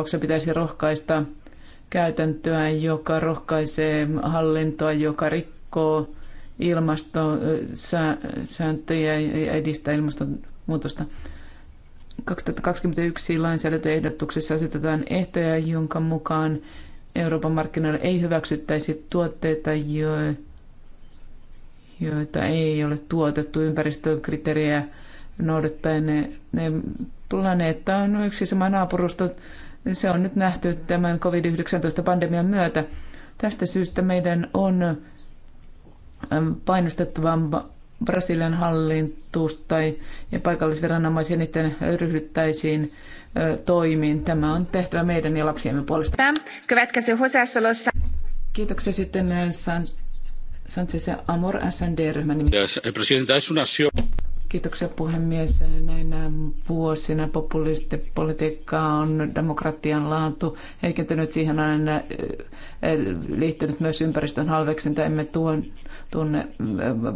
tapauksessa pitäisi rohkaista käytäntöä, joka rohkaisee hallintoa, joka rikkoo ilmastosääntöjä ja edistää ilmastonmuutosta. 2021 lainsäädäntöehdotuksessa asetetaan ehtoja, jonka mukaan Euroopan markkinoille ei hyväksyttäisi tuotteita, joita ei ole tuotettu ympäristökriteerejä noudattaen. Ne, ne planeetta on yksi sama naapurusto se on nyt nähty tämän COVID-19-pandemian myötä. Tästä syystä meidän on ähm, painostettava Brasilian hallintusta ja paikallisviranomaisia niiden ryhdyttäisiin toimiin. Tämä on tehtävä meidän ja lapsiemme puolesta. Kiitoksia sitten äh, San Sanchez Amor SND-ryhmän nimi. Kiitoksia puhemies. Näinä vuosina populistipolitiikka on demokratian laatu heikentynyt. Siihen on aina äh, äh, liittynyt myös ympäristön halveksinta. Emme tuon, tunne äh,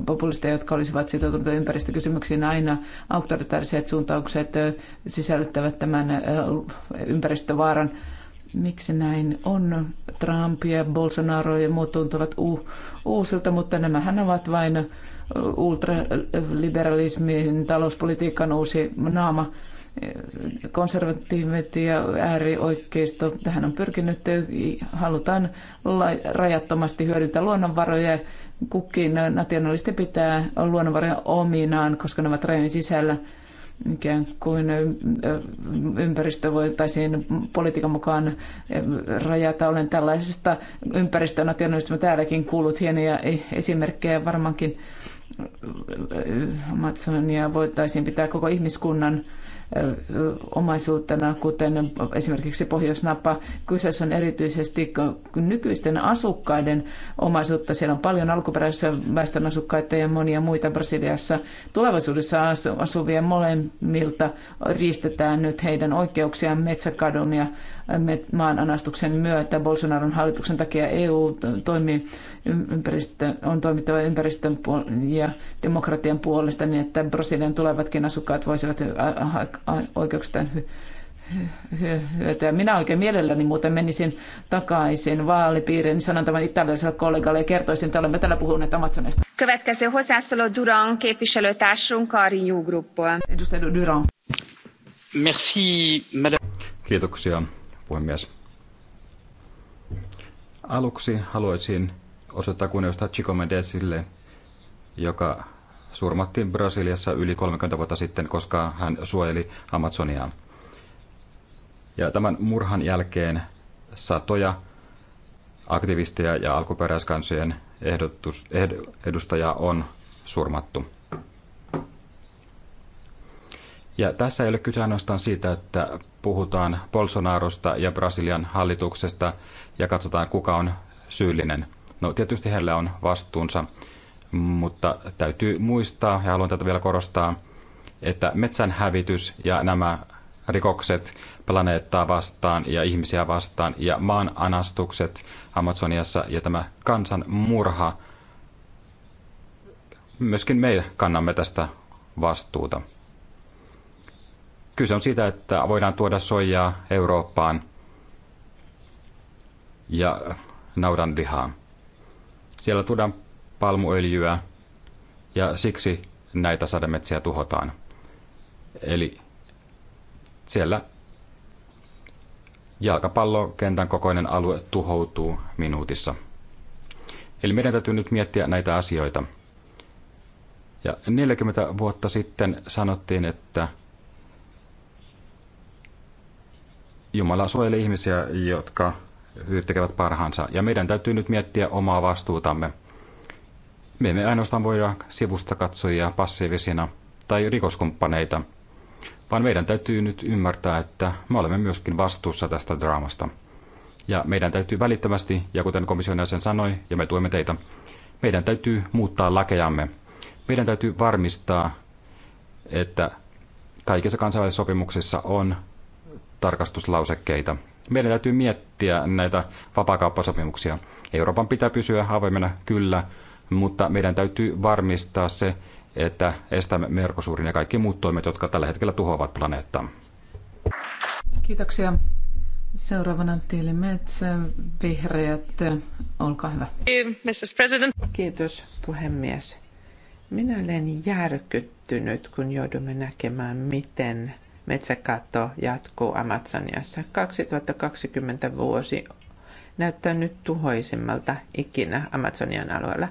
populisteja, jotka olisivat sitoutuneet ympäristökysymyksiin. Aina autoritaariset suuntaukset sisällyttävät tämän ympäristövaaran miksi näin on. Trump ja Bolsonaro ja muut tuntuvat u- uusilta, mutta nämähän ovat vain ultraliberalismin talouspolitiikan uusi naama. Konservatiivit ja äärioikeisto tähän on pyrkinyt. Halutaan rajattomasti hyödyntää luonnonvaroja. Kukin nationalisti pitää luonnonvaroja ominaan, koska ne ovat rajojen sisällä ikään kuin ympäristö voitaisiin politiikan mukaan rajata. Olen tällaisesta ympäristönationalismista täälläkin kuullut hienoja e- esimerkkejä varmaankin Amazonia voitaisiin pitää koko ihmiskunnan omaisuutena, kuten esimerkiksi Pohjoisnapa. Kyseessä on erityisesti nykyisten asukkaiden omaisuutta. Siellä on paljon alkuperäisiä väestön asukkaita ja monia muita Brasiliassa. Tulevaisuudessa asuvien molemmilta riistetään nyt heidän oikeuksiaan metsäkadon ja maananastuksen myötä. Bolsonaron hallituksen takia EU toimii ympäristö, on toimittava ympäristön ja demokratian puolesta niin, että Brasilian tulevatkin asukkaat voisivat oikeuksistaan hyötyä. Minä oikein mielelläni muuten menisin takaisin vaalipiiriin, niin sanon tämän italialaiselle kollegalle ja kertoisin, että olemme täällä puhuneet Amazonista. Következő hozzászóló Duran képviselőtársunk a Renew Groupból. Edustaja Duran. Merci, madame. Kiitoksia, puhemies. Aluksi haluaisin osoittaa kunnioista Chico Mendesille, joka surmattiin Brasiliassa yli 30 vuotta sitten, koska hän suojeli Amazoniaa. Ja tämän murhan jälkeen satoja aktivisteja ja alkuperäiskansojen ehdotus, eh, edustajaa on surmattu. Ja tässä ei ole kyse ainoastaan siitä, että puhutaan Bolsonarosta ja Brasilian hallituksesta ja katsotaan kuka on syyllinen. No tietysti heillä on vastuunsa, mutta täytyy muistaa, ja haluan tätä vielä korostaa, että metsän hävitys ja nämä rikokset planeettaa vastaan ja ihmisiä vastaan ja maan anastukset Amazoniassa ja tämä kansan murha. Myöskin me kannamme tästä vastuuta. Kyse on siitä, että voidaan tuoda soijaa Eurooppaan ja naudan lihaa. Siellä tuodaan palmuöljyä ja siksi näitä sademetsiä tuhotaan. Eli siellä jalkapallokentän kokoinen alue tuhoutuu minuutissa. Eli meidän täytyy nyt miettiä näitä asioita. Ja 40 vuotta sitten sanottiin, että Jumala suojeli ihmisiä, jotka tekevät parhaansa. Ja meidän täytyy nyt miettiä omaa vastuutamme. Me emme ainoastaan voida sivusta katsojia passiivisina tai rikoskumppaneita, vaan meidän täytyy nyt ymmärtää, että me olemme myöskin vastuussa tästä draamasta. Ja meidän täytyy välittömästi, ja kuten komission jäsen sanoi, ja me tuemme teitä, meidän täytyy muuttaa lakejamme. Meidän täytyy varmistaa, että kaikissa kansainvälisissä sopimuksissa on tarkastuslausekkeita meidän täytyy miettiä näitä vapaakauppasopimuksia. Euroopan pitää pysyä avoimena, kyllä, mutta meidän täytyy varmistaa se, että estämme Merkosuurin ja kaikki muut toimet, jotka tällä hetkellä tuhoavat planeettaa. Kiitoksia. Seuraavana Tiili Metsä, Vihreät, olkaa hyvä. Mrs. President. Kiitos puhemies. Minä olen järkyttynyt, kun joudumme näkemään, miten metsäkato jatkuu Amazoniassa. 2020 vuosi näyttää nyt tuhoisimmalta ikinä Amazonian alueella.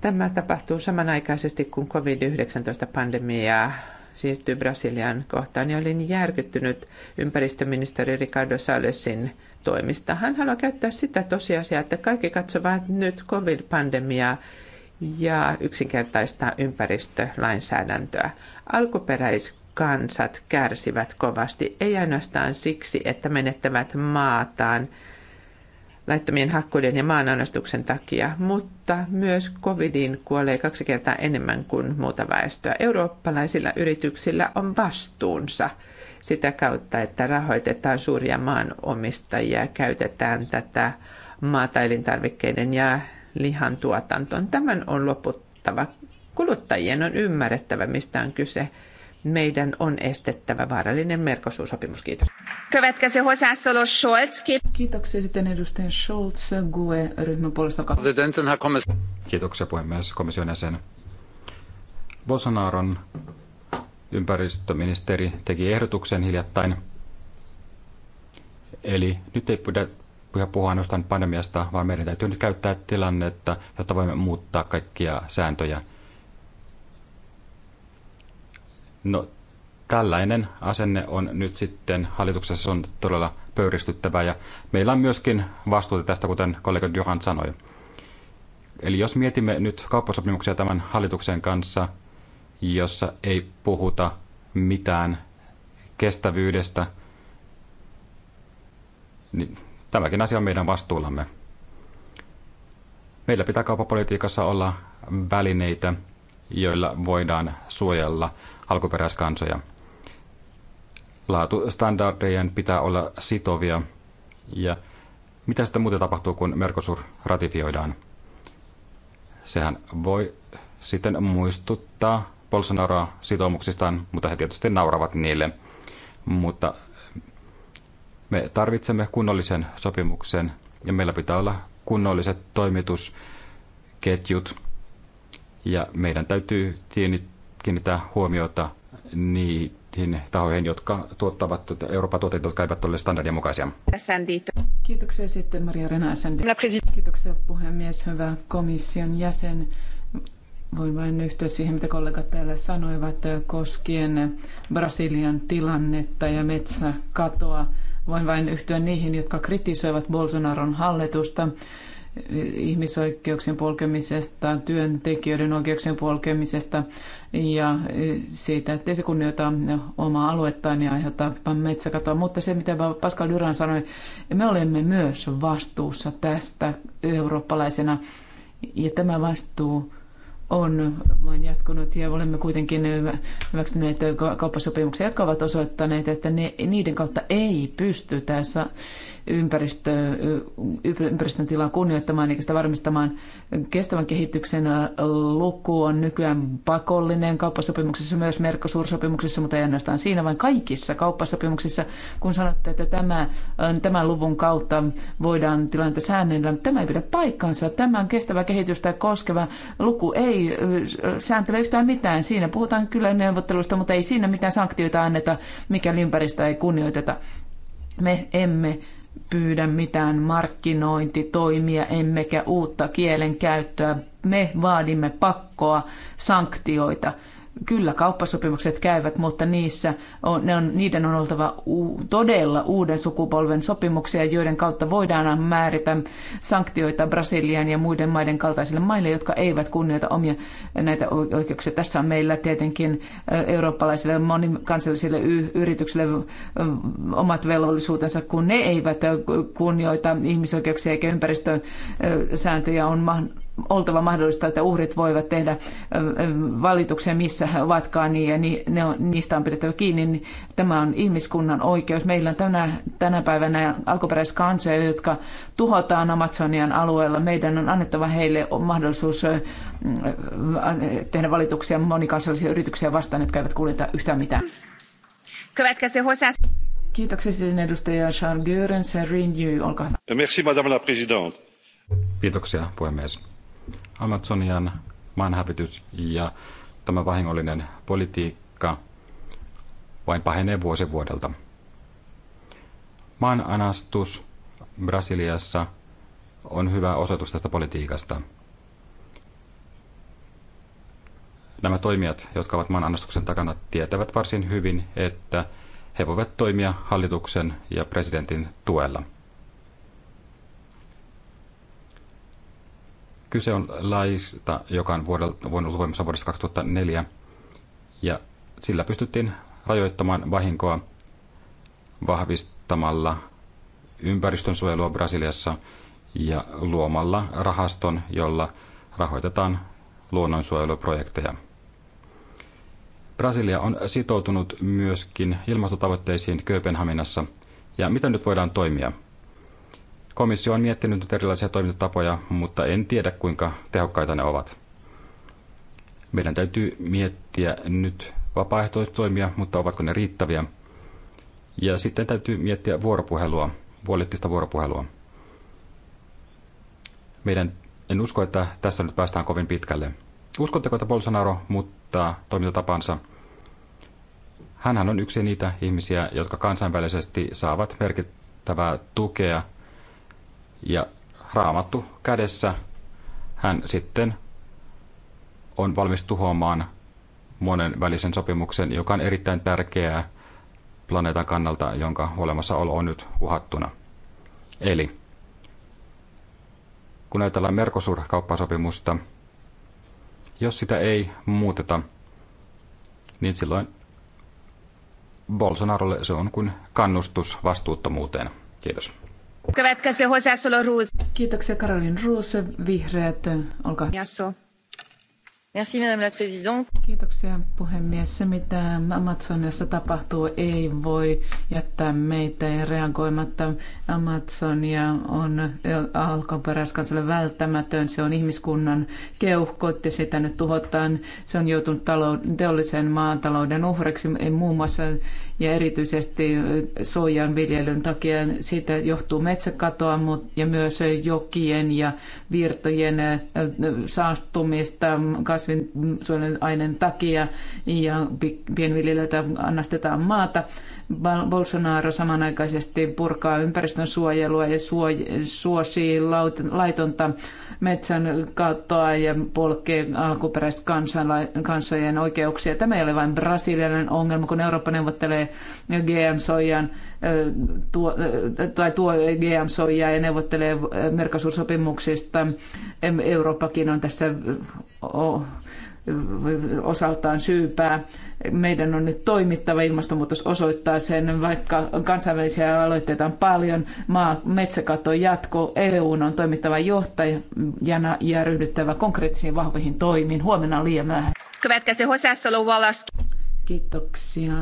Tämä tapahtuu samanaikaisesti, kun COVID-19-pandemiaa siirtyy Brasilian kohtaan, ja olin järkyttynyt ympäristöministeri Ricardo Salesin toimista. Hän haluaa käyttää sitä tosiasiaa, että kaikki katsovat nyt COVID-pandemiaa ja yksinkertaistaa ympäristölainsäädäntöä. Alkuperäiskansat kärsivät kovasti, ei ainoastaan siksi, että menettävät maataan laittomien hakkuiden ja maanannostuksen takia, mutta myös covidin kuolee kaksi kertaa enemmän kuin muuta väestöä. Eurooppalaisilla yrityksillä on vastuunsa sitä kautta, että rahoitetaan suuria maanomistajia ja käytetään tätä maata elintarvikkeiden ja lihan tuotantoon. Tämän on loputtava. Kuluttajien on ymmärrettävä, mistä on kyse. Meidän on estettävä vaarallinen merkosuusopimus. Kiitos. Követkäsi hozzászóló Scholz. Kiitoksia sitten edustajan Scholz, GUE-ryhmän puolesta. Kiitoksia puhemies komission jäsen. Bolsonaron ympäristöministeri teki ehdotuksen hiljattain. Eli nyt ei puhua ainoastaan pandemiasta, vaan meidän täytyy nyt käyttää tilannetta, jotta voimme muuttaa kaikkia sääntöjä. No, tällainen asenne on nyt sitten hallituksessa on todella pöyristyttävää ja meillä on myöskin vastuuta tästä, kuten kollega Durant sanoi. Eli jos mietimme nyt kauppasopimuksia tämän hallituksen kanssa, jossa ei puhuta mitään kestävyydestä, niin Tämäkin asia on meidän vastuullamme. Meillä pitää kauppapolitiikassa olla välineitä, joilla voidaan suojella alkuperäiskansoja. Laatustandardejen pitää olla sitovia ja mitä sitten muuten tapahtuu, kun Mercosur ratifioidaan? Sehän voi sitten muistuttaa Bolsonaroa sitoumuksistaan, mutta he tietysti nauravat niille. Mutta me tarvitsemme kunnollisen sopimuksen ja meillä pitää olla kunnolliset toimitusketjut ja meidän täytyy kiinnittää huomiota niihin tahoihin, jotka tuottavat tuota Euroopan tuotteita, jotka eivät ole standardien mukaisia. Kiitoksia sitten Maria Rena SND. Kiitoksia puhemies, hyvä komission jäsen. Voin vain yhtyä siihen, mitä kollegat täällä sanoivat koskien Brasilian tilannetta ja metsäkatoa. Voin vain yhtyä niihin, jotka kritisoivat Bolsonaron hallitusta ihmisoikeuksien polkemisesta, työntekijöiden oikeuksien polkemisesta ja siitä, että se kunnioita omaa aluettaan ja aiheuttaa metsäkatoa. Mutta se, mitä Pascal Duran sanoi, me olemme myös vastuussa tästä eurooppalaisena ja tämä vastuu on vain jatkunut ja olemme kuitenkin hyväksyneet kauppasopimuksia, jotka ovat osoittaneet, että ne, niiden kautta ei pystytä ympäristö, ympäristön tilaa kunnioittamaan eikä sitä varmistamaan. Kestävän kehityksen luku on nykyään pakollinen kauppasopimuksessa, myös mercosur mutta ei ainoastaan siinä, vaan kaikissa kauppasopimuksissa. Kun sanotte, että tämä, tämän luvun kautta voidaan tilannetta säännellä, tämä ei pidä paikkaansa. Tämän kestävä kehitys tai koskeva luku ei sääntele yhtään mitään. Siinä puhutaan kyllä neuvottelusta, mutta ei siinä mitään sanktioita anneta, mikäli ympäristöä ei kunnioiteta me emme pyydä mitään markkinointitoimia emmekä uutta kielen käyttöä. Me vaadimme pakkoa, sanktioita. Kyllä kauppasopimukset käyvät, mutta niissä on, ne on, niiden on oltava u, todella uuden sukupolven sopimuksia, joiden kautta voidaan määritä sanktioita Brasilian ja muiden maiden kaltaisille maille, jotka eivät kunnioita omia näitä oikeuksia. Tässä on meillä tietenkin eurooppalaisille monikansallisille y, yrityksille omat velvollisuutensa, kun ne eivät kunnioita ihmisoikeuksia eikä ympäristösääntöjä on mahdollista oltava mahdollista, että uhrit voivat tehdä valituksia missä he ovatkaan niin, ja ne on, niistä on pidettävä kiinni. Niin tämä on ihmiskunnan oikeus. Meillä on tänä, tänä päivänä alkuperäiskansoja, jotka tuhotaan Amazonian alueella. Meidän on annettava heille mahdollisuus tehdä valituksia monikansallisia yrityksiä vastaan, jotka eivät kuljeta yhtään mitään. Kiitoksia sitten edustaja Charles Görens, Renew, olkaa hyvä. Merci, madame la présidente. Kiitoksia, puhemies. Amazonian maanhävitys ja tämä vahingollinen politiikka vain pahenee vuosi vuodelta. Maananastus Brasiliassa on hyvä osoitus tästä politiikasta. Nämä toimijat, jotka ovat maananastuksen takana, tietävät varsin hyvin, että he voivat toimia hallituksen ja presidentin tuella – Kyse on laista, joka on vuodelta, vuonna voimassa vuodesta 2004, ja sillä pystyttiin rajoittamaan vahinkoa vahvistamalla ympäristönsuojelua Brasiliassa ja luomalla rahaston, jolla rahoitetaan luonnonsuojeluprojekteja. Brasilia on sitoutunut myöskin ilmastotavoitteisiin Kööpenhaminassa. Ja miten nyt voidaan toimia? Komissio on miettinyt nyt erilaisia toimintatapoja, mutta en tiedä kuinka tehokkaita ne ovat. Meidän täytyy miettiä nyt toimia, mutta ovatko ne riittäviä. Ja sitten täytyy miettiä vuoropuhelua, puolittista vuoropuhelua. Meidän, en usko, että tässä nyt päästään kovin pitkälle. Uskotteko, että Bolsonaro muuttaa toimintatapansa? Hänhän on yksi niitä ihmisiä, jotka kansainvälisesti saavat merkittävää tukea – ja raamattu kädessä hän sitten on valmis tuhoamaan monen välisen sopimuksen, joka on erittäin tärkeää planeetan kannalta, jonka olemassaolo on nyt uhattuna. Eli kun ajatellaan Mercosur-kauppasopimusta, jos sitä ei muuteta, niin silloin Bolsonarolle se on kuin kannustus vastuuttomuuteen. Kiitos. Következő hozzászóló Ruus. Kiitoksia Karolin Ruus, vihreät, olkaa hyvä. Merci, Madame la Présidente. Kiitoksia puhemies. Se, mitä Amazonissa tapahtuu, ei voi jättää meitä reagoimatta. Amazonia on alkuperäiskansalle välttämätön. Se on ihmiskunnan keuhkot ja sitä nyt tuhotaan. Se on joutunut talou- teollisen maatalouden uhreksi muun muassa ja erityisesti soijan viljelyn takia siitä johtuu metsäkatoa ja myös jokien ja virtojen saastumista kasvinsuojeluaineen takia ja pienviljelijöiltä annastetaan maata Bolsonaro samanaikaisesti purkaa ympäristön suojelua ja suosii laitonta metsän kattoa ja polkee kansojen oikeuksia. Tämä ei ole vain brasilialainen ongelma, kun Eurooppa neuvottelee GM-soijan tuo, tai tuo GM-soijaa ja neuvottelee mercosur Eurooppakin on tässä osaltaan syypää. Meidän on nyt toimittava, ilmastonmuutos osoittaa sen, vaikka kansainvälisiä aloitteita on paljon, maa, metsäkato jatko, EUn on toimittava johtajana ja ryhdyttävä konkreettisiin vahvoihin toimiin. Huomenna on liian myöhään. Kiitoksia.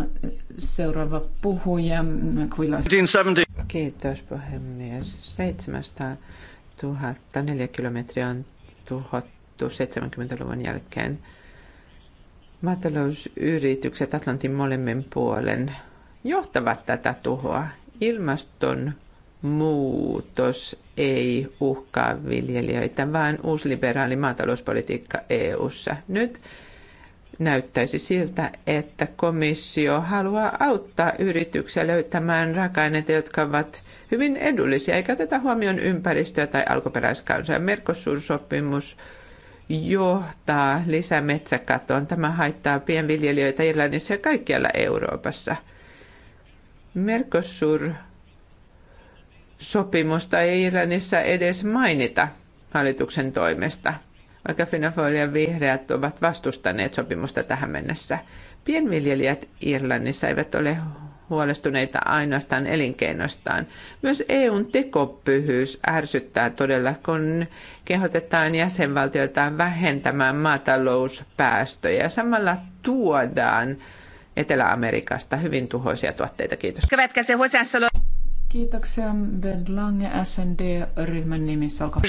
Seuraava puhuja. Kiitos puhemies. 700 000 neljä kilometriä on tuhottu 70-luvun jälkeen. Maatalousyritykset Atlantin molemmin puolen johtavat tätä tuhoa. Ilmaston muutos ei uhkaa viljelijöitä, vaan uusliberaali maatalouspolitiikka EU:ssa. Nyt näyttäisi siltä, että komissio haluaa auttaa yrityksiä löytämään raaka-aineita, jotka ovat hyvin edullisia, eikä tätä huomioon ympäristöä tai alkuperäiskansoja. Merkosuursopimus johtaa lisämetsäkatoon. Tämä haittaa pienviljelijöitä Irlannissa ja kaikkialla Euroopassa. merkosur sopimusta ei Irlannissa edes mainita hallituksen toimesta – vaikka Finafoilian vihreät ovat vastustaneet sopimusta tähän mennessä. Pienviljelijät Irlannissa eivät ole huolestuneita ainoastaan elinkeinostaan. Myös EUn tekopyhyys ärsyttää todella, kun kehotetaan jäsenvaltioita vähentämään maatalouspäästöjä. Samalla tuodaan Etelä-Amerikasta hyvin tuhoisia tuotteita. Kiitos. Kiitoksia Bernd Lange SND-ryhmän nimissä. Olkaa.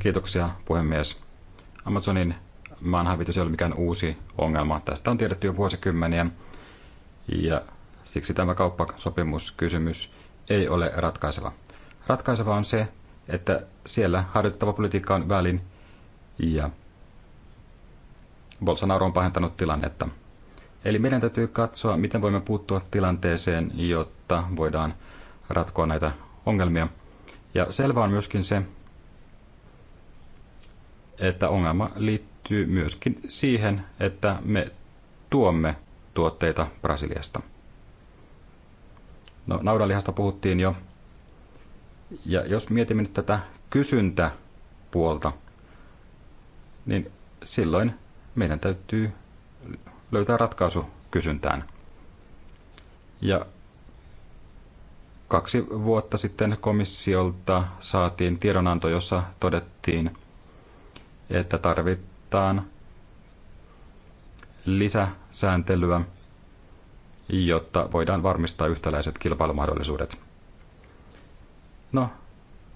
Kiitoksia puhemies. Amazonin maanhävitys ei ole mikään uusi ongelma. Tästä on tiedetty jo vuosikymmeniä ja siksi tämä kauppasopimuskysymys ei ole ratkaiseva. Ratkaiseva on se, että siellä harjoitettava politiikka on välin ja Bolsonaro on pahentanut tilannetta. Eli meidän täytyy katsoa, miten voimme puuttua tilanteeseen, jotta jotta voidaan ratkoa näitä ongelmia. Ja selvää on myöskin se, että ongelma liittyy myöskin siihen, että me tuomme tuotteita Brasiliasta. No, naudanlihasta puhuttiin jo. Ja jos mietimme nyt tätä kysyntäpuolta, niin silloin meidän täytyy löytää ratkaisu kysyntään. Ja Kaksi vuotta sitten komissiolta saatiin tiedonanto, jossa todettiin, että tarvitaan lisäsääntelyä, jotta voidaan varmistaa yhtäläiset kilpailumahdollisuudet. No,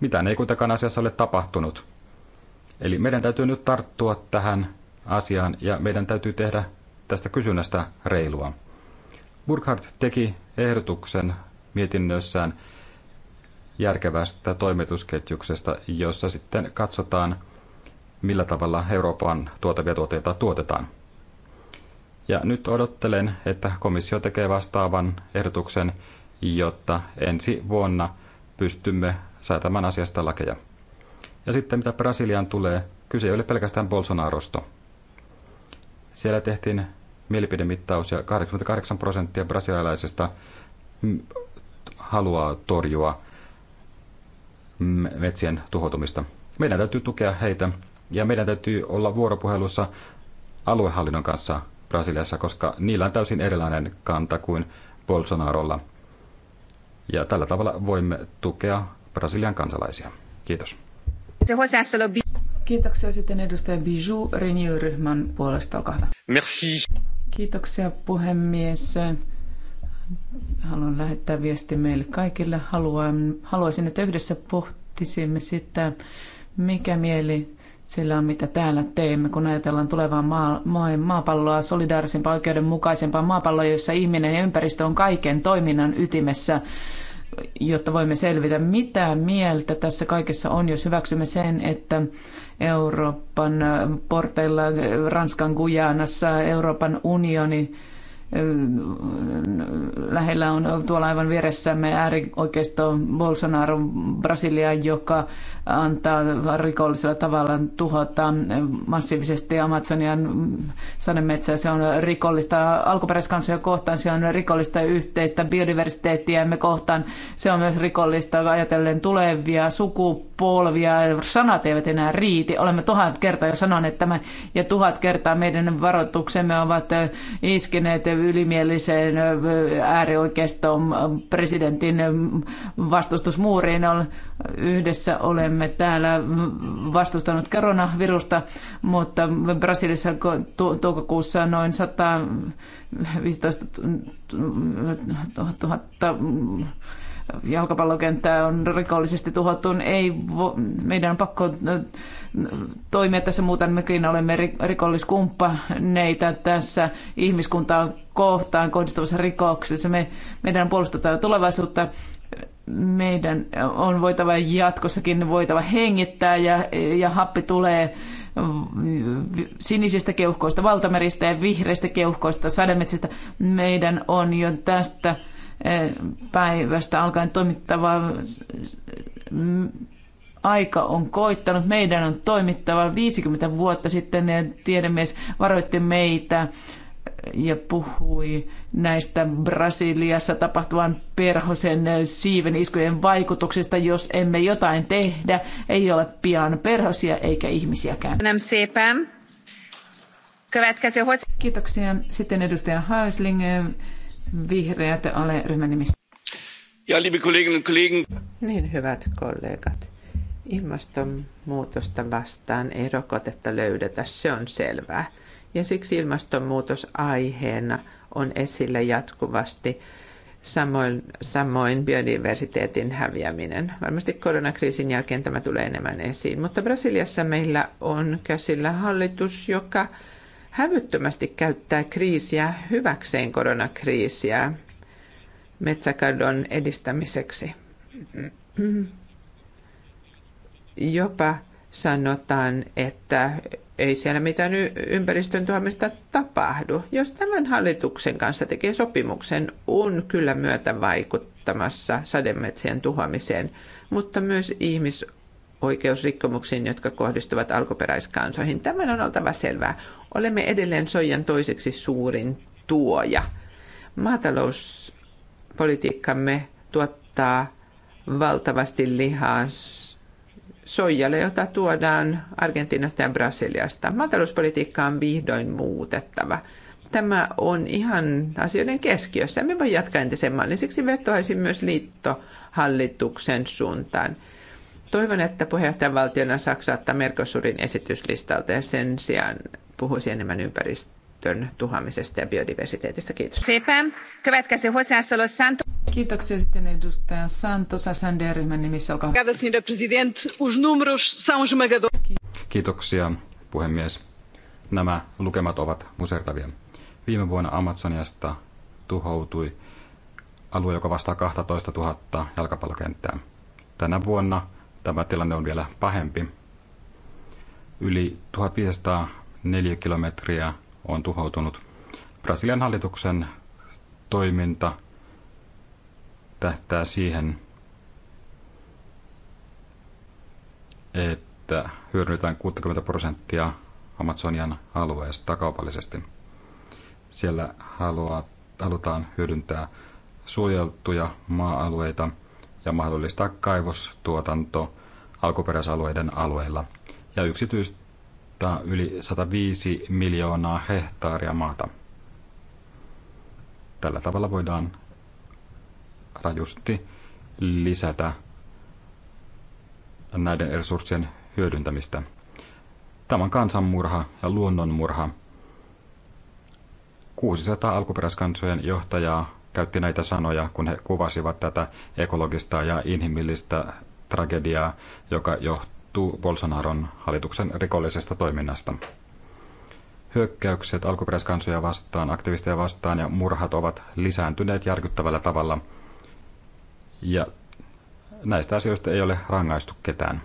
mitään ei kuitenkaan asiassa ole tapahtunut. Eli meidän täytyy nyt tarttua tähän asiaan ja meidän täytyy tehdä tästä kysynnästä reilua. Burkhardt teki ehdotuksen mietinnössään järkevästä toimitusketjuksesta, jossa sitten katsotaan, millä tavalla Euroopan tuotavia tuotteita tuotetaan. Ja nyt odottelen, että komissio tekee vastaavan ehdotuksen, jotta ensi vuonna pystymme säätämään asiasta lakeja. Ja sitten mitä Brasiliaan tulee, kyse ei ole pelkästään Bolsonarosta. Siellä tehtiin mielipidemittaus ja 88 prosenttia brasilialaisista haluaa torjua metsien tuhoutumista. Meidän täytyy tukea heitä ja meidän täytyy olla vuoropuhelussa aluehallinnon kanssa Brasiliassa, koska niillä on täysin erilainen kanta kuin Bolsonarolla. Ja tällä tavalla voimme tukea Brasilian kansalaisia. Kiitos. Kiitoksia sitten edustaja Bijou Renew-ryhmän puolesta, olkaa hyvä. Merci. Kiitoksia puhemies. Haluan lähettää viesti meille kaikille. Haluan, haluaisin, että yhdessä pohtisimme sitä, mikä mieli sillä on, mitä täällä teemme, kun ajatellaan tulevaa maa, maa, maapalloa, solidaarisempaa, oikeudenmukaisempaa maapalloa, jossa ihminen ja ympäristö on kaiken toiminnan ytimessä, jotta voimme selvitä, mitä mieltä tässä kaikessa on, jos hyväksymme sen, että Euroopan porteilla, Ranskan Gujanassa, Euroopan unioni, lähellä on tuolla aivan vieressämme äärioikeisto Bolsonaro Brasilia, joka antaa rikollisella tavalla tuhota massiivisesti Amazonian sademetsää. Se on rikollista alkuperäiskansoja kohtaan, se on rikollista yhteistä me kohtaan. Se on myös rikollista ajatellen tulevia sukupolvia. Sanat eivät enää riiti. Olemme tuhat kertaa jo sanoneet tämän ja tuhat kertaa meidän varoituksemme ovat iskeneet ylimieliseen äärioikeiston presidentin vastustusmuuriin yhdessä olemme täällä vastustanut koronavirusta, mutta Brasiliassa toukokuussa noin 115 000 jalkapallokenttää on rikollisesti tuhottu. Ei vo, meidän on pakko toimia tässä muuten. Mekin olemme rikolliskumppaneita tässä ihmiskuntaa kohtaan kohdistuvassa rikoksessa. Me, meidän on puolustettava tulevaisuutta meidän on voitava jatkossakin voitava hengittää ja, ja happi tulee sinisistä keuhkoista, valtameristä ja vihreistä keuhkoista, sademetsistä. Meidän on jo tästä eh, päivästä alkaen toimittava aika on koittanut. Meidän on toimittava 50 vuotta sitten ja tiedemies varoitti meitä ja puhui näistä Brasiliassa tapahtuvan perhosen siiven iskujen vaikutuksesta, jos emme jotain tehdä. Ei ole pian perhosia eikä ihmisiäkään. Kiitoksia. Sitten edustaja Häusling, vihreät ale ryhmän nimissä. Ja, liebe Kolleginnen und Kollegen. Niin, hyvät kollegat. Ilmastonmuutosta vastaan ei rokotetta löydetä, se on selvää ja siksi ilmastonmuutos aiheena on esillä jatkuvasti, samoin, samoin biodiversiteetin häviäminen. Varmasti koronakriisin jälkeen tämä tulee enemmän esiin. Mutta Brasiliassa meillä on käsillä hallitus, joka hävyttömästi käyttää kriisiä hyväkseen koronakriisiä metsäkadon edistämiseksi. Jopa sanotaan, että ei siellä mitään ympäristön tuomista tapahdu. Jos tämän hallituksen kanssa tekee sopimuksen, on kyllä myötä vaikuttamassa sademetsien tuhoamiseen, mutta myös ihmisoikeusrikkomuksiin, jotka kohdistuvat alkuperäiskansoihin. Tämän on oltava selvää. Olemme edelleen soijan toiseksi suurin tuoja. Maatalouspolitiikkamme tuottaa valtavasti lihaa soijalle, jota tuodaan Argentiinasta ja Brasiliasta. Maatalouspolitiikka on vihdoin muutettava. Tämä on ihan asioiden keskiössä. Me voi jatkaa entisen mallin. Siksi vetoaisin myös liittohallituksen suuntaan. Toivon, että puheenjohtajan valtiona Saksa ottaa Mercosurin esityslistalta ja sen sijaan puhuisi enemmän ympäristöä käytön tuhoamisesta ja biodiversiteetistä. Kiitos. Kiitoksia sitten edustaja Santos snd nimissä. Olkaa hyvä. Kiitoksia puhemies. Nämä lukemat ovat musertavia. Viime vuonna Amazoniasta tuhoutui alue, joka vastaa 12 000 jalkapallokenttää. Tänä vuonna tämä tilanne on vielä pahempi. Yli 1504 kilometriä on tuhoutunut. Brasilian hallituksen toiminta tähtää siihen, että hyödynnetään 60 prosenttia Amazonian alueesta kaupallisesti. Siellä haluaa, halutaan hyödyntää suojeltuja maa-alueita ja mahdollistaa kaivostuotanto alkuperäisalueiden alueilla ja yksityistä kattaa yli 105 miljoonaa hehtaaria maata. Tällä tavalla voidaan rajusti lisätä näiden resurssien hyödyntämistä. Tämä on kansanmurha ja luonnonmurha. 600 alkuperäiskansojen johtajaa käytti näitä sanoja, kun he kuvasivat tätä ekologista ja inhimillistä tragediaa, joka johtuu johtuu Bolsonaron hallituksen rikollisesta toiminnasta. Hyökkäykset alkuperäiskansoja vastaan, aktivisteja vastaan ja murhat ovat lisääntyneet järkyttävällä tavalla. Ja näistä asioista ei ole rangaistu ketään.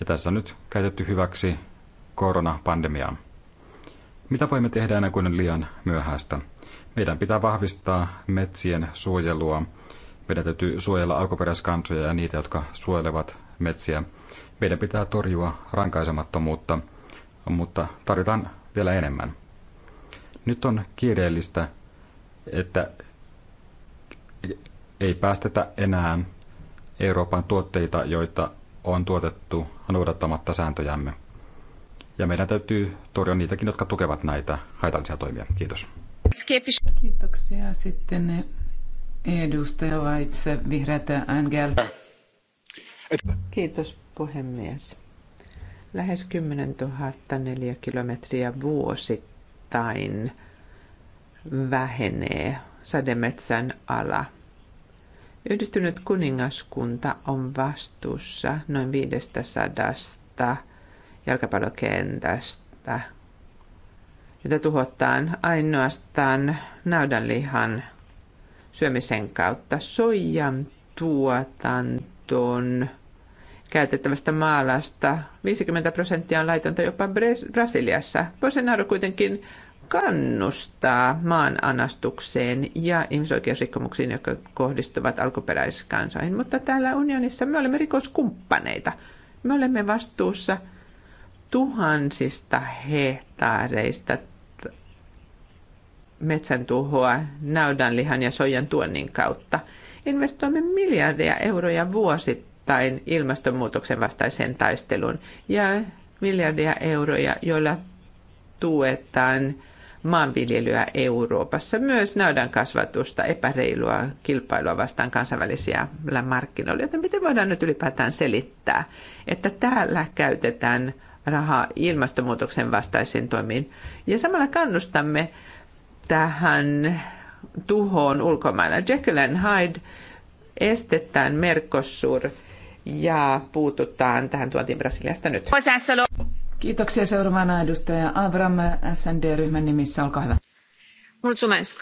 Ja tässä on nyt käytetty hyväksi koronapandemiaa. Mitä voimme tehdä ennen kuin on liian myöhäistä? Meidän pitää vahvistaa metsien suojelua meidän täytyy suojella alkuperäiskansoja ja niitä, jotka suojelevat metsiä. Meidän pitää torjua rankaisemattomuutta, mutta tarvitaan vielä enemmän. Nyt on kiireellistä, että ei päästetä enää Euroopan tuotteita, joita on tuotettu noudattamatta sääntöjämme. Ja meidän täytyy torjua niitäkin, jotka tukevat näitä haitallisia toimia. Kiitos. Kiitoksia. Sitten Edustaja Vaitse, Vihreät Angel. Kiitos puhemies. Lähes 10 004 kilometriä vuosittain vähenee sademetsän ala. Yhdistynyt kuningaskunta on vastuussa noin 500 jalkapallokentästä, jota tuhotaan ainoastaan naudanlihan syömisen kautta. Soijan tuotanton käytettävästä maalasta 50 prosenttia on laitonta jopa Brasiliassa. Bolsonaro kuitenkin kannustaa maan anastukseen ja ihmisoikeusrikkomuksiin, jotka kohdistuvat alkuperäiskansoihin. Mutta täällä unionissa me olemme rikoskumppaneita. Me olemme vastuussa tuhansista hehtaareista metsän tuhoa naudanlihan ja sojan tuonnin kautta. Investoimme miljardeja euroja vuosittain ilmastonmuutoksen vastaiseen taisteluun ja miljardeja euroja, joilla tuetaan maanviljelyä Euroopassa, myös naudan kasvatusta, epäreilua kilpailua vastaan kansainvälisiä markkinoilla. Joten miten voidaan nyt ylipäätään selittää, että täällä käytetään rahaa ilmastonmuutoksen vastaisiin toimiin ja samalla kannustamme tähän tuhoon ulkomailla. Jekyll and Hyde estetään Mercosur ja puututaan tähän tuontiin Brasiliasta nyt. Kiitoksia seuraavana edustaja Avram SND-ryhmän nimissä, olkaa hyvä. Mulțumesc.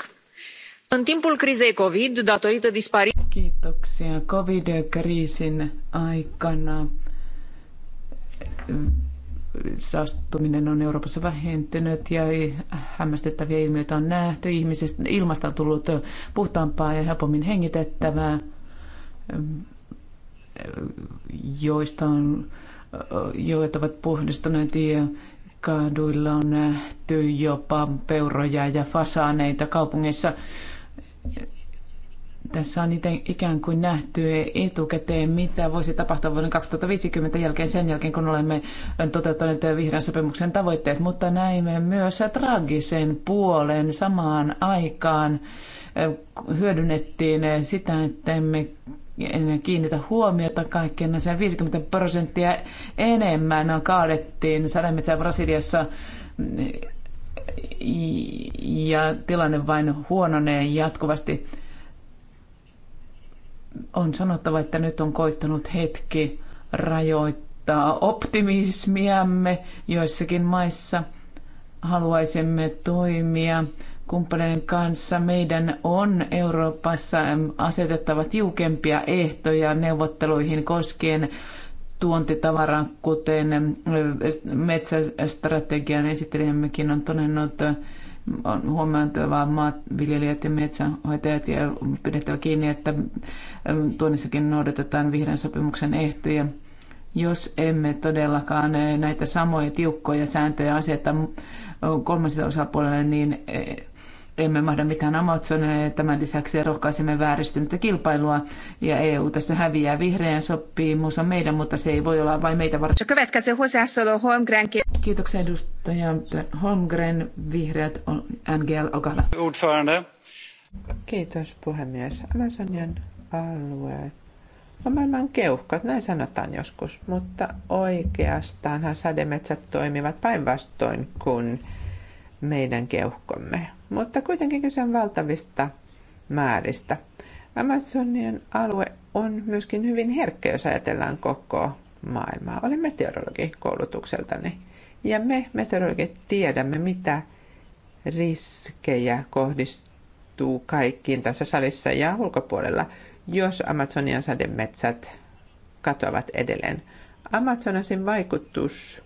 În timpul crizei COVID, datorită dispari... Kiitoksia. Covid-kriisin aikana saastuminen on Euroopassa vähentynyt ja hämmästyttäviä ilmiöitä on nähty. Ihmisestä, ilmasta on tullut puhtaampaa ja helpommin hengitettävää, joista on, joita ovat puhdistuneet ja kaduilla on nähty jopa peuroja ja fasaaneita kaupungeissa tässä on ikään kuin nähty etukäteen, mitä voisi tapahtua vuoden 2050 jälkeen, sen jälkeen kun olemme toteuttaneet vihreän sopimuksen tavoitteet, mutta näimme myös traagisen puolen samaan aikaan. Hyödynnettiin sitä, että emme kiinnitä huomiota kaikkeen. Sen 50 prosenttia enemmän kaadettiin sademetsää Brasiliassa ja tilanne vain huononee jatkuvasti on sanottava, että nyt on koittanut hetki rajoittaa optimismiamme joissakin maissa. Haluaisimme toimia kumppaneiden kanssa. Meidän on Euroopassa asetettava tiukempia ehtoja neuvotteluihin koskien tuontitavaraa, kuten metsästrategian esittelijämmekin on todennut, on huomioitava maanviljelijät ja metsänhoitajat ja pidettävä kiinni, että ähm, tuonnissakin noudatetaan vihreän sopimuksen ehtoja. Jos emme todellakaan äh, näitä samoja tiukkoja sääntöjä aseta kolmasille osapuolelle, niin äh, emme mahda mitään ja Tämän lisäksi rohkaisemme vääristynyttä kilpailua ja EU tässä häviää. Vihreän sopimus on meidän, mutta se ei voi olla vain meitä varten. Kiitoksia edustaja Holmgren. Vihreät on NGL, olkaa hyvä. Kiitos puhemies. Amazonian alue No maailman keuhkot, näin sanotaan joskus, mutta oikeastaanhan sademetsät toimivat päinvastoin kuin meidän keuhkomme mutta kuitenkin kyse on valtavista määristä. Amazonien alue on myöskin hyvin herkkä, jos ajatellaan koko maailmaa. Olin meteorologi koulutukseltani ja me meteorologit tiedämme, mitä riskejä kohdistuu kaikkiin tässä salissa ja ulkopuolella, jos Amazonian sademetsät katoavat edelleen. Amazonasin vaikutus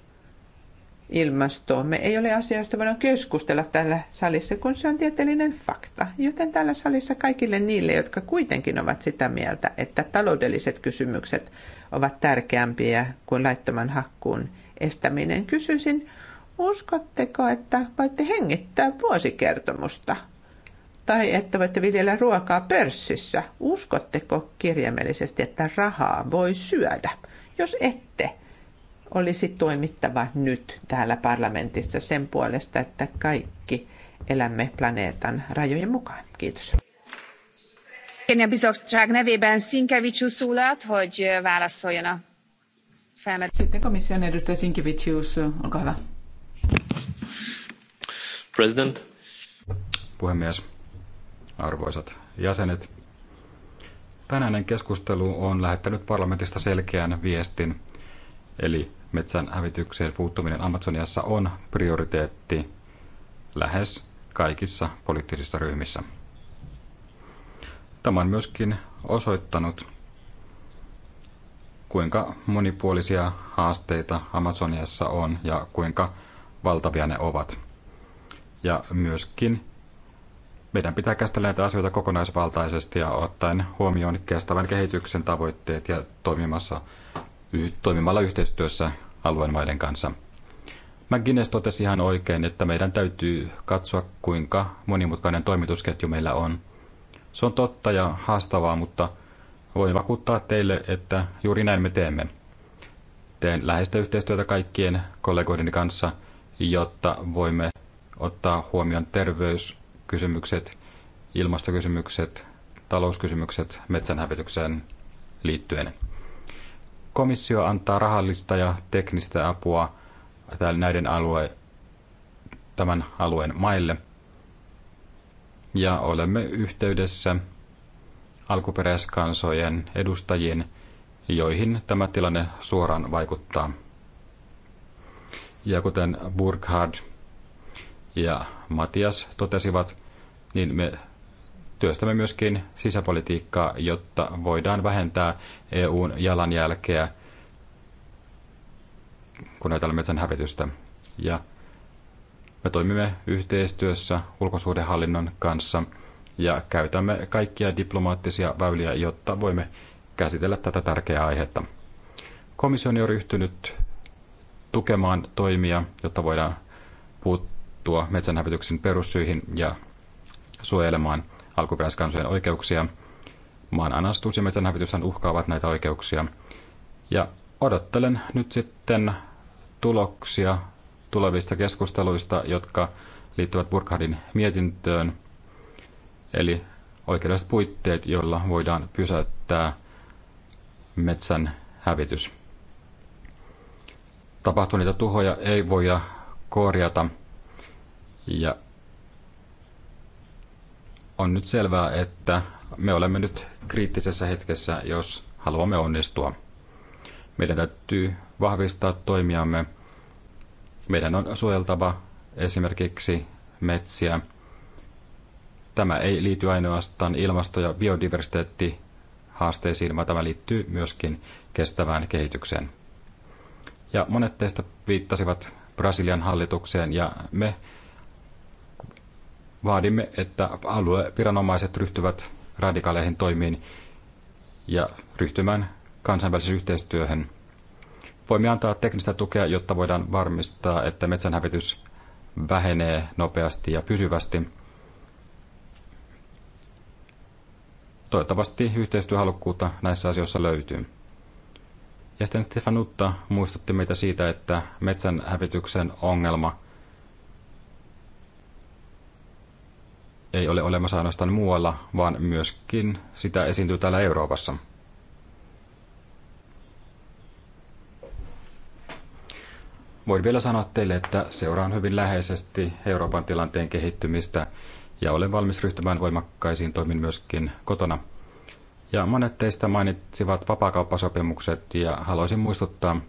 ilmastoomme ei ole asia, josta voidaan keskustella täällä salissa, kun se on tieteellinen fakta. Joten täällä salissa kaikille niille, jotka kuitenkin ovat sitä mieltä, että taloudelliset kysymykset ovat tärkeämpiä kuin laittoman hakkuun estäminen, kysyisin, uskotteko, että voitte hengittää vuosikertomusta? Tai että voitte viljellä ruokaa pörssissä? Uskotteko kirjaimellisesti, että rahaa voi syödä? Jos ette, olisi toimittava nyt täällä parlamentissa sen puolesta, että kaikki elämme planeetan rajojen mukaan. Kiitos. Kenia bizottság nevében Sinkevicius urat, hogy válaszoljon a Sitten komission edustaja Sinkevicius, olkaa hyvä. President. Puhemies, arvoisat jäsenet. Tänäinen keskustelu on lähettänyt parlamentista selkeän viestin – Eli metsän hävitykseen puuttuminen Amazoniassa on prioriteetti lähes kaikissa poliittisissa ryhmissä. Tämä on myöskin osoittanut, kuinka monipuolisia haasteita Amazoniassa on ja kuinka valtavia ne ovat. Ja myöskin meidän pitää käsitellä näitä asioita kokonaisvaltaisesti ja ottaen huomioon kestävän kehityksen tavoitteet ja toimimassa toimimalla yhteistyössä alueen maiden kanssa. McGuinness totesi ihan oikein, että meidän täytyy katsoa, kuinka monimutkainen toimitusketju meillä on. Se on totta ja haastavaa, mutta voin vakuuttaa teille, että juuri näin me teemme. Teen läheistä yhteistyötä kaikkien kollegoideni kanssa, jotta voimme ottaa huomioon terveyskysymykset, ilmastokysymykset, talouskysymykset metsänhävitykseen liittyen komissio antaa rahallista ja teknistä apua näiden alue, tämän alueen maille. Ja olemme yhteydessä alkuperäiskansojen edustajiin, joihin tämä tilanne suoraan vaikuttaa. Ja kuten Burkhard ja Matias totesivat, niin me työstämme myöskin sisäpolitiikkaa, jotta voidaan vähentää EUn jalanjälkeä, kun ajatellaan metsän hävitystä. Ja me toimimme yhteistyössä ulkosuhdehallinnon kanssa ja käytämme kaikkia diplomaattisia väyliä, jotta voimme käsitellä tätä tärkeää aihetta. Komissio on jo ryhtynyt tukemaan toimia, jotta voidaan puuttua metsänhävityksen perussyihin ja suojelemaan – alkuperäiskansojen oikeuksia. Maan anastus ja metsänhävityshän uhkaavat näitä oikeuksia. Ja odottelen nyt sitten tuloksia tulevista keskusteluista, jotka liittyvät Burkhardin mietintöön, eli oikeudelliset puitteet, joilla voidaan pysäyttää metsän hävitys. Tapahtuneita tuhoja ei voida korjata ja on nyt selvää, että me olemme nyt kriittisessä hetkessä, jos haluamme onnistua. Meidän täytyy vahvistaa toimiamme. Meidän on suojeltava esimerkiksi metsiä. Tämä ei liity ainoastaan ilmasto- ja biodiversiteettihaasteisiin, vaan tämä liittyy myöskin kestävään kehitykseen. Ja monet teistä viittasivat Brasilian hallitukseen ja me vaadimme, että alueviranomaiset ryhtyvät radikaaleihin toimiin ja ryhtymään kansainväliseen yhteistyöhön. Voimme antaa teknistä tukea, jotta voidaan varmistaa, että metsänhävitys vähenee nopeasti ja pysyvästi. Toivottavasti yhteistyöhalukkuutta näissä asioissa löytyy. Ja sitten Utta muistutti meitä siitä, että metsänhävityksen ongelma ei ole olemassa ainoastaan muualla, vaan myöskin sitä esiintyy täällä Euroopassa. Voin vielä sanoa teille, että seuraan hyvin läheisesti Euroopan tilanteen kehittymistä ja olen valmis ryhtymään voimakkaisiin toimin myöskin kotona. Ja monet teistä mainitsivat vapakauppasopimukset ja haluaisin muistuttaa,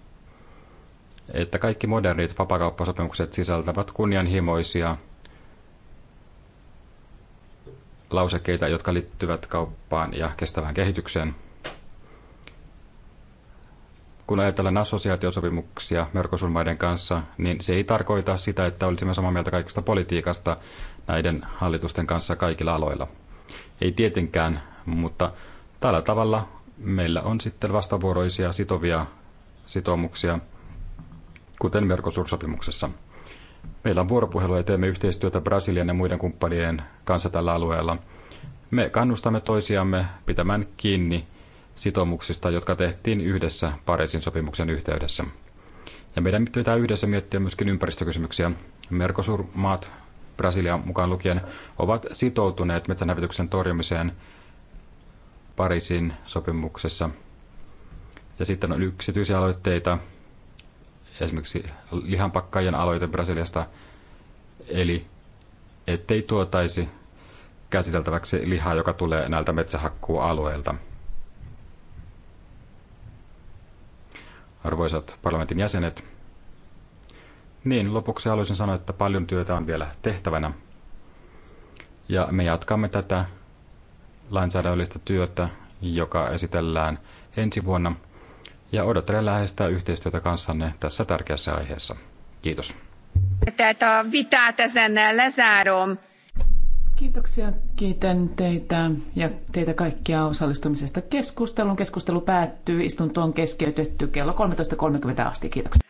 että kaikki modernit vapakauppasopimukset sisältävät kunnianhimoisia lausekkeita, jotka liittyvät kauppaan ja kestävään kehitykseen. Kun ajatellaan assosiaatiosopimuksia Mercosur-maiden kanssa, niin se ei tarkoita sitä, että olisimme samaa mieltä kaikesta politiikasta näiden hallitusten kanssa kaikilla aloilla. Ei tietenkään, mutta tällä tavalla meillä on sitten vastavuoroisia sitovia sitoumuksia, kuten Mercosur-sopimuksessa. Meillä on vuoropuhelua ja teemme yhteistyötä Brasilian ja muiden kumppanien kanssa tällä alueella. Me kannustamme toisiamme pitämään kiinni sitoumuksista, jotka tehtiin yhdessä Pariisin sopimuksen yhteydessä. Ja meidän pitää yhdessä miettiä myöskin ympäristökysymyksiä. Mercosur-maat, Brasilia mukaan lukien, ovat sitoutuneet metsänhävityksen torjumiseen Pariisin sopimuksessa. Ja sitten on yksityisiä aloitteita, esimerkiksi lihanpakkaajien aloite Brasiliasta, eli ettei tuotaisi käsiteltäväksi lihaa, joka tulee näiltä metsähakkuualueilta. Arvoisat parlamentin jäsenet, niin lopuksi haluaisin sanoa, että paljon työtä on vielä tehtävänä. Ja me jatkamme tätä lainsäädännöllistä työtä, joka esitellään ensi vuonna – ja odottelen läheistä yhteistyötä kanssanne tässä tärkeässä aiheessa. Kiitos. Tätä vitaa tässä läsäärom. Kiitoksia, kiitän teitä ja teitä kaikkia osallistumisesta keskusteluun. Keskustelu päättyy, istunto on keskeytetty kello 13.30 asti. Kiitoksia.